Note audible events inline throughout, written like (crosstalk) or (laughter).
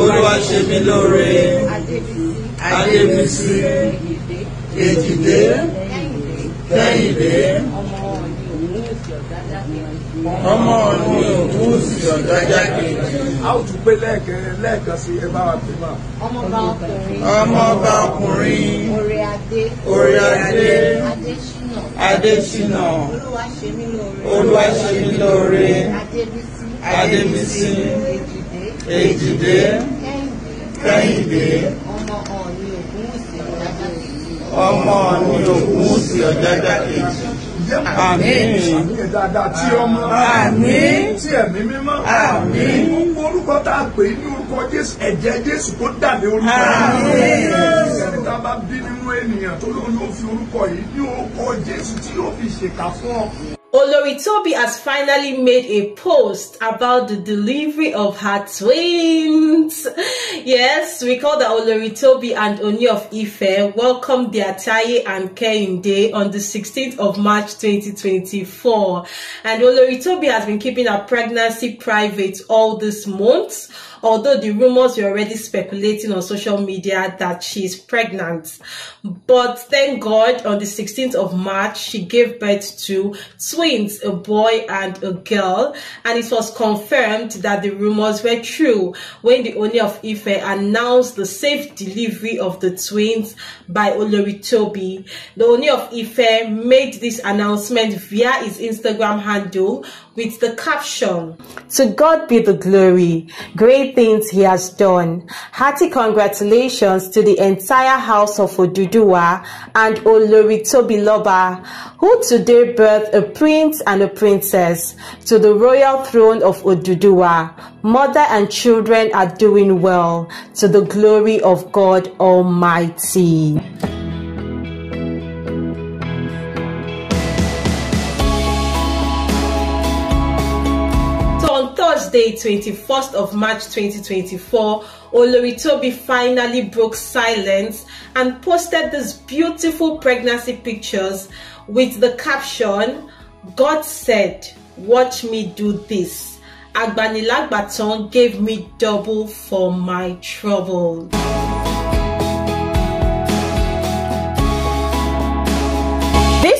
olúwa ṣe mí lóore adébísí èjìdé kẹ́hìndé ọmọ ọdún òkú sì ọ̀dájà kejì. a ó tún gbé lẹ́ẹ̀kan lẹ́ẹ̀kan sí ẹ bá wa pè mọ́. ọmọọba ọkùnrin ọmọọba ọkùnrin orí adé orí adé adésínà adésínà olúwa ṣe mí lóore adébísí adébísí èjìdé kẹ́hìndé ọmọ ní ògúnwùsì ọ̀jájá kejì àmín tí ọmọ àmín tí ẹ̀mí mímọ́ àmín gbogbo orúkọ tá a pè ní orúkọ jésù ẹ̀jẹ̀ jésù kó dàbí orúkọ àmín ẹni tá a bá bí nínú ènìyàn tó lóun ló fi orúkọ yìí ní Oloritobi has finally made a post about the delivery of her twin (laughs) Yes, we call the Olori Toby and Oni of Ife welcome their Taye and Kain Day on the 16th of March 2024. And Olori Toby has been keeping her pregnancy private all this month although the rumors were already speculating on social media that she is pregnant. But thank God, on the 16th of March, she gave birth to twins, a boy and a girl, and it was confirmed that the rumors were true when the owner of Ife announced the safe delivery of the twins by Toby. The owner of Ife made this announcement via his Instagram handle with the caption To God be the glory, great things he has done. Hearty congratulations to the entire house of Oduduwa and Olori Tobiloba, who today birthed a prince and a princess to the royal throne of Oduduwa. Mother and children are doing well to the glory of God Almighty. 21st of March 2024, Oloritobi finally broke silence and posted these beautiful pregnancy pictures with the caption, God said, watch me do this. Agbanilagbaton gave me double for my trouble.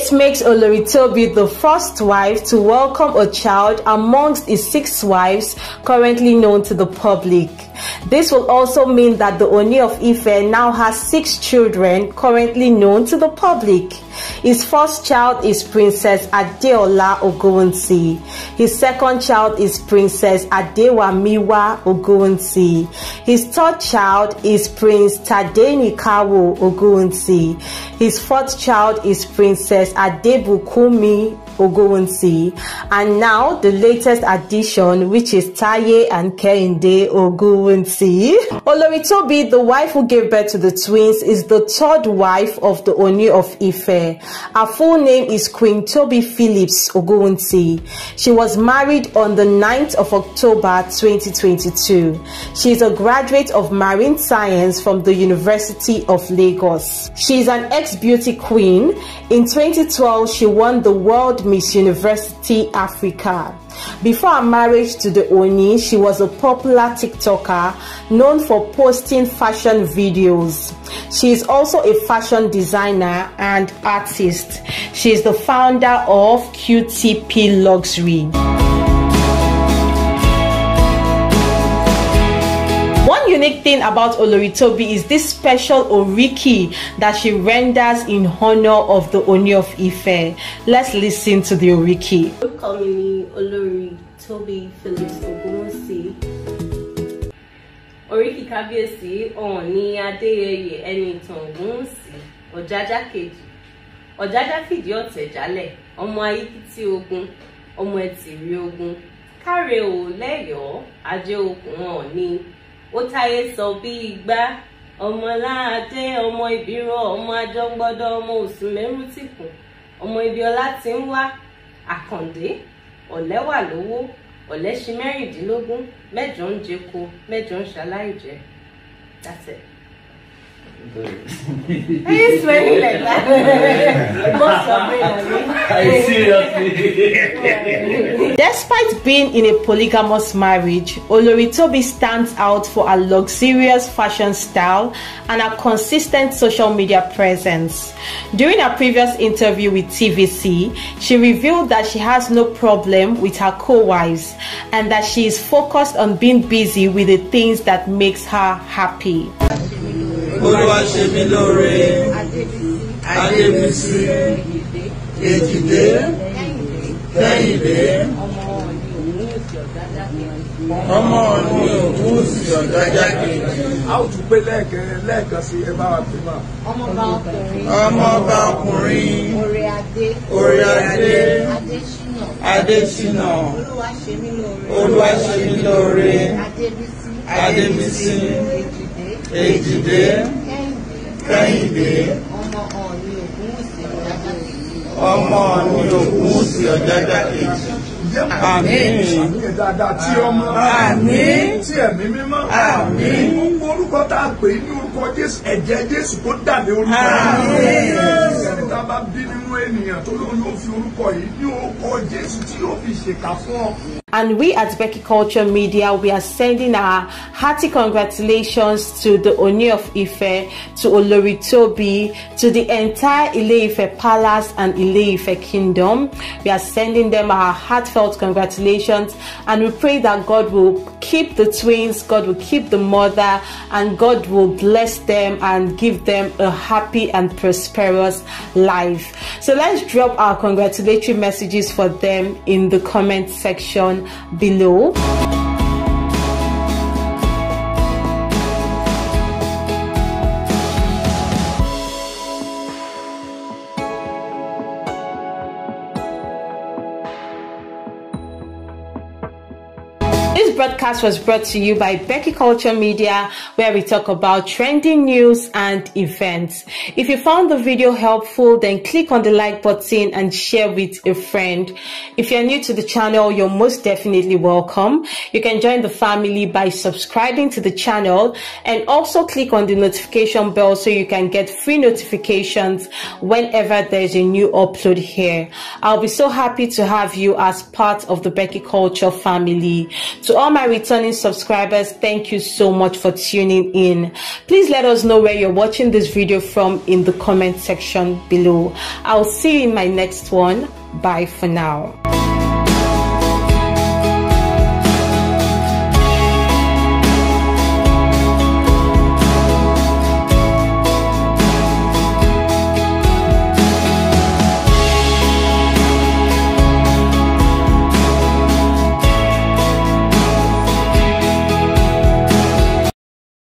This makes Oloritobi the first wife to welcome a child amongst his six wives currently known to the public. This will also mean that the Oni of Ife now has six children currently known to the public. His first child is Princess Adeola Ogunsi. His second child is Princess Adewamiwa Ogunsi. His third child is Prince Tadenikawo Ogunsi. His fourth child is Princess Adebukumi Oguwunsi, and now the latest addition, which is Taye and Kehinde Oguwunsi. Olori Toby, the wife who gave birth to the twins, is the third wife of the Oni of Ife. Her full name is Queen Toby Phillips Oguwunsi. She was married on the 9th of October 2022. She is a graduate of marine science from the University of Lagos. She is an ex-beauty queen. In 2012, she won the World Miss University Africa. Before her marriage to the Oni, she was a popular TikToker known for posting fashion videos. She is also a fashion designer and artist. She is the founder of QTP Luxury. unique thing about Oloritobi is this special Oriki that she renders in honor of the Oni of Ife. Let's listen to the Oriki. Orúkọ mi ni Oloritobi Phillips Ogunwusi. Oriki Kábíyèsí Ọ̀ọ̀ni Adéyẹyè Ẹnìtàn Ògúnwùsì Ọ̀jájá kejì Ọ̀jájá fìdí ọ̀tẹ̀ jálẹ̀ ọmọ Ayíkítí ogun ọmọ Ẹ̀tìrí ogun káre ò lẹ́yọ̀ọ́ ajé okùn Oni ó táyé sọ bí igbá ọmọ ọmọ ìbírọ ọmọ adọgbọdọ ọmọ òsùnmẹrù tìkùn ọmọ ibiola ti ń wá àkàndé ọlẹwà lówó ọlẹṣin mẹ́rìndínlógún mẹ́jọ ń jẹko mẹ́jọ ń ṣaláìjẹ that's it. Are you sweating like that? (laughs) I seriously. Despite being in a polygamous marriage, Oloritobi stands out for her luxurious fashion style and her consistent social media presence. During a previous interview with TVC, she revealed that she has no problem with her co-wives and that she is focused on being busy with the things that makes her happy. olúwa ṣe mí lóore adébísí èjìdé kẹ́hìndé ọmọ mi ò kú sí ọ̀dájà kejì. a ó tún pé lẹ́ẹ̀kan lẹ́ẹ̀kan sí ẹ bá wa pè mọ́. ọmọọba ọkùnrin. ọmọọba ọkùnrin. orí adé. orí adé. adésínà. adésínà. olúwa ṣe mí lóore. olúwa ṣe mí lóore. adébísí. adébísí. èjìdé èjìdé kẹ́hìndé ọmọ ní Ògúnwùsì Ọ̀jájá kejì. Àmín. Àmín dáadáa tí ọmọ. Àmín. Tí ẹ̀mí mímọ́. Àmín. Gbogbo orúkọ tá a pè ní orúkọ Jésù ẹ̀jẹ̀ Jésù tó dà ní orúkọ. Àmín. Ẹni tá a bá bí nínú ènìyàn tó lóun yóò fi orúkọ yìí ní orúkọ Jésù tí yóò fi ṣèkà fún ọ. And we at Becky Culture Media, we are sending our hearty congratulations to the Oni of Ife, to Oloritobi, to the entire Ile Ife Palace and Ile Ife Kingdom. We are sending them our heartfelt congratulations and we pray that God will keep the twins, God will keep the mother, and God will bless them and give them a happy and prosperous life. So let's drop our congratulatory messages for them in the comment section below. broadcast was brought to you by Becky Culture Media, where we talk about trending news and events. If you found the video helpful, then click on the like button and share with a friend. If you're new to the channel, you're most definitely welcome. You can join the family by subscribing to the channel and also click on the notification bell so you can get free notifications whenever there's a new upload here. I'll be so happy to have you as part of the Becky Culture family. To all all my returning subscribers, thank you so much for tuning in. Please let us know where you're watching this video from in the comment section below. I'll see you in my next one. Bye for now.